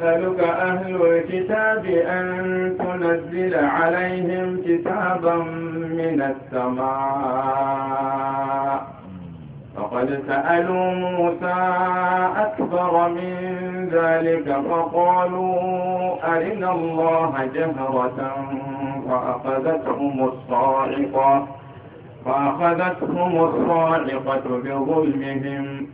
يسألك أهل الكتاب أن تنزل عليهم كتابا من السماء فقد سألوا موسى أكبر من ذلك فقالوا أرنا الله جهرة فأخذتهم الصاعقة فأخذتهم الصاعقة بظلمهم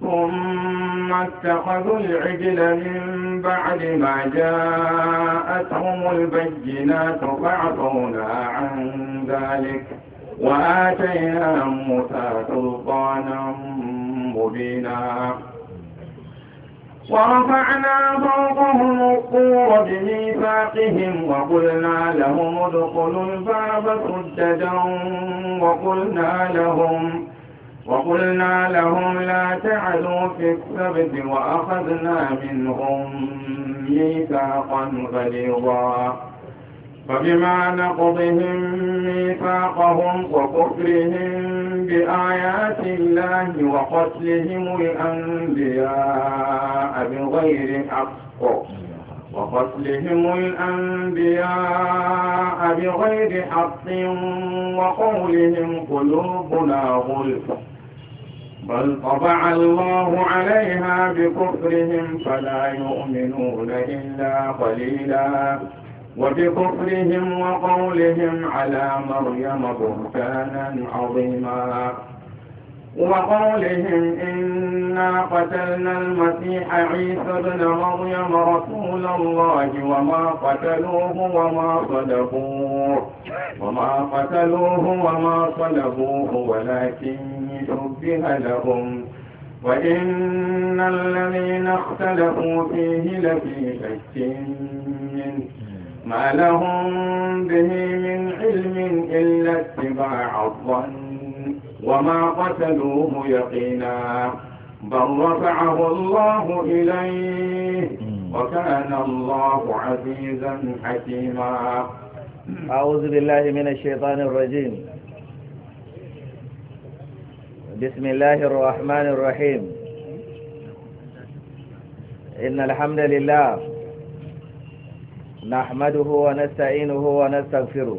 ثم اتخذوا العجل من بعد ما جاءتهم البينات فاعطونا عن ذلك وآتينا موسى سلطانا مبينا ورفعنا فوقهم الطور بميثاقهم وقلنا لهم ادخلوا الباب سجدا وقلنا لهم وقلنا لهم لا تعلوا في السبت وأخذنا منهم ميثاقا غليظا فبما نقضهم ميثاقهم وكفرهم بآيات الله وقتلهم الأنبياء بغير حق وقتلهم الأنبياء بغير حق وقولهم قلوبنا غلف بل طبع الله عليها بكفرهم فلا يؤمنون إلا قليلا وبكفرهم وقولهم على مريم بهتانا عظيما وقولهم إنا قتلنا المسيح عيسى بن مريم رسول الله وما قتلوه وما صلبوه وما قتلوه وما صلبوه ولكن شبه لهم وإن الذين اختلفوا فيه لفي شك منه ما لهم به من علم إلا اتباع الظن وما قتلوه يقينا بل رفعه الله إليه وكان الله عزيزا حكيما أعوذ بالله من الشيطان الرجيم بسم الله الرحمن الرحيم إن الحمد لله نحمده ونستعينه ونستغفره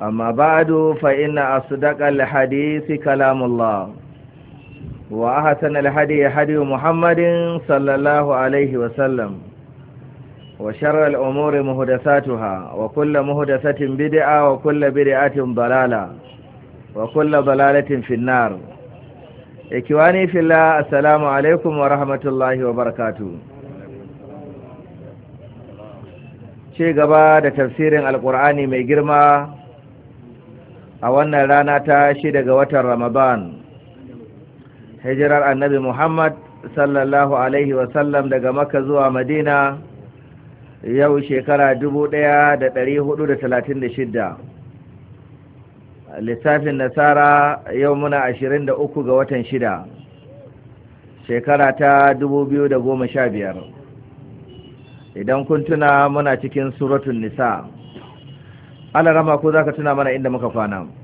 amma ba'adu fa'ina a sadakar hadisi kalamullah wa ahasan alhadi ya hadi muhammadin sallallahu alaihi wa sharar al'umuri muhudasatu ha wa kulla muhudasatin bid'a wa kulla bid'atin balala wa kulla balalatin finnar ikiwani fila assalamu alaikum wa rahmatullahi wa barakatu ce gaba da tafsirin Alƙur'ani mai girma a wannan rana ta shi daga watan ramadan hijirar annabi muhammad sallallahu alaihi wasallam daga maka zuwa madina yau shekara shidda. lissafin nasara yau muna ashirin da uku ga watan shida shekara ta da goma sha biyar. idan kun tuna muna cikin suratun nisa' ala rama ko zaka tuna mana inda muka kwana